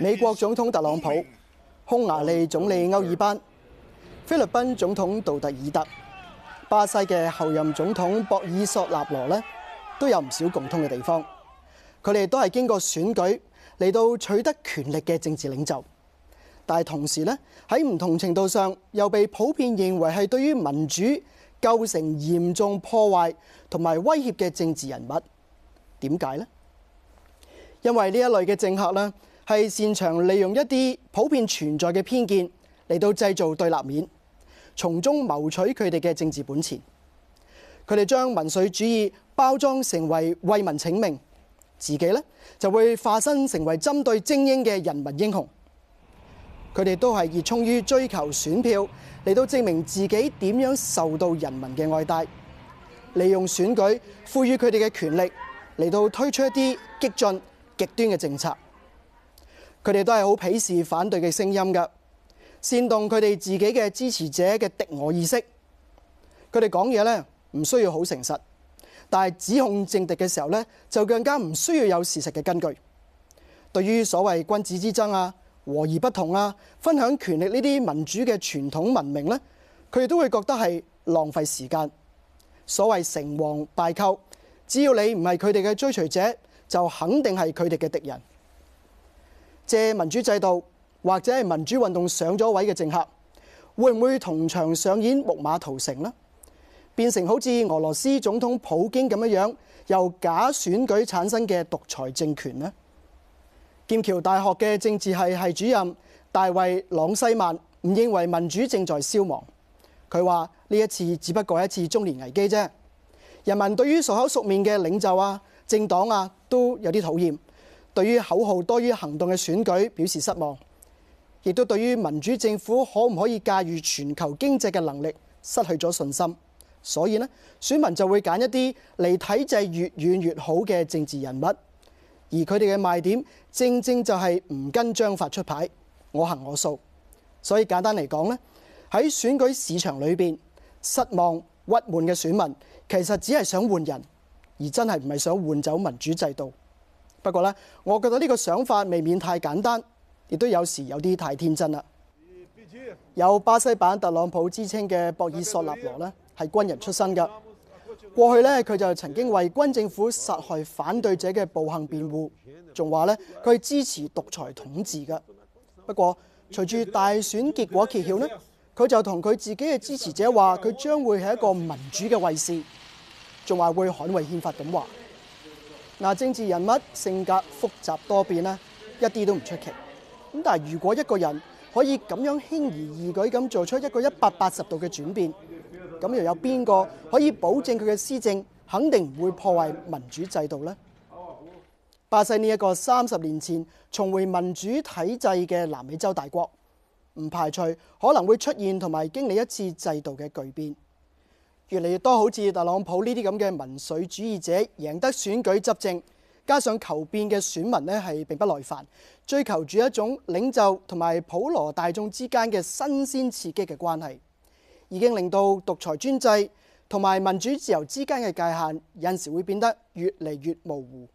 美國總統特朗普、匈牙利總理歐爾班、菲律賓總統杜特爾特、巴西嘅後任總統博爾索納羅呢，都有唔少共通嘅地方。佢哋都係經過選舉嚟到取得權力嘅政治領袖，但係同時呢，喺唔同程度上，又被普遍認為係對於民主構成嚴重破壞同埋威脅嘅政治人物。點解呢？因為呢一類嘅政客呢。係擅長利用一啲普遍存在嘅偏見嚟到製造對立面，從中謀取佢哋嘅政治本錢。佢哋將民粹主義包裝成為為民請命，自己呢就會化身成為針對精英嘅人民英雄。佢哋都係熱衷於追求選票嚟到證明自己點樣受到人民嘅愛戴，利用選舉賦予佢哋嘅權力嚟到推出一啲激進極端嘅政策。佢哋都係好鄙視反對嘅聲音㗎，煽動佢哋自己嘅支持者嘅敵我意識。佢哋講嘢咧唔需要好誠實，但係指控政敵嘅時候咧就更加唔需要有事實嘅根據。對於所謂君子之爭啊、和而不同啊、分享權力呢啲民主嘅傳統文明咧，佢哋都會覺得係浪費時間。所謂成王敗寇，只要你唔係佢哋嘅追隨者，就肯定係佢哋嘅敵人。借民主制度或者係民主運動上咗位嘅政客，會唔會同場上演木馬屠城呢？變成好似俄羅斯總統普京咁樣，由假選舉產生嘅獨裁政權呢？劍橋大學嘅政治系系主任大衛朗西曼唔認為民主正在消亡，佢話呢一次只不過係一次中年危機啫。人民對於熟口熟面嘅領袖啊、政黨啊都有啲討厭。對於口號多於行動嘅選舉表示失望，亦都對於民主政府可唔可以駕馭全球經濟嘅能力失去咗信心，所以呢，選民就會揀一啲離體制越遠越好嘅政治人物，而佢哋嘅賣點正正就係唔跟章法出牌，我行我素。所以簡單嚟講呢，喺選舉市場裏面，失望鬱悶嘅選民其實只係想換人，而真係唔係想換走民主制度。不過咧，我覺得呢個想法未免太簡單，亦都有時有啲太天真啦。有巴西版特朗普之稱嘅博爾索納羅呢，係軍人出身㗎。過去呢，佢就曾經為軍政府殺害反對者嘅暴行辯護，仲話呢，佢支持獨裁統治㗎。不過隨住大選結果揭曉呢，佢就同佢自己嘅支持者話佢將會係一個民主嘅衞士，仲話會捍衛憲法咁話。嗱，政治人物性格複雜多變啦，一啲都唔出奇。咁但係如果一個人可以咁樣輕而易舉咁做出一個一百八十度嘅轉變，咁又有邊個可以保證佢嘅施政肯定唔會破壞民主制度呢？巴西呢一個三十年前重回民主體制嘅南美洲大國，唔排除可能會出現同埋經歷一次制度嘅巨變。越嚟越多好似特朗普呢啲咁嘅民粹主義者贏得選舉執政，加上求變嘅選民呢係並不耐煩，追求住一種領袖同埋普羅大眾之間嘅新鮮刺激嘅關係，已經令到獨裁專制同埋民主自由之間嘅界限，有陣時會變得越嚟越模糊。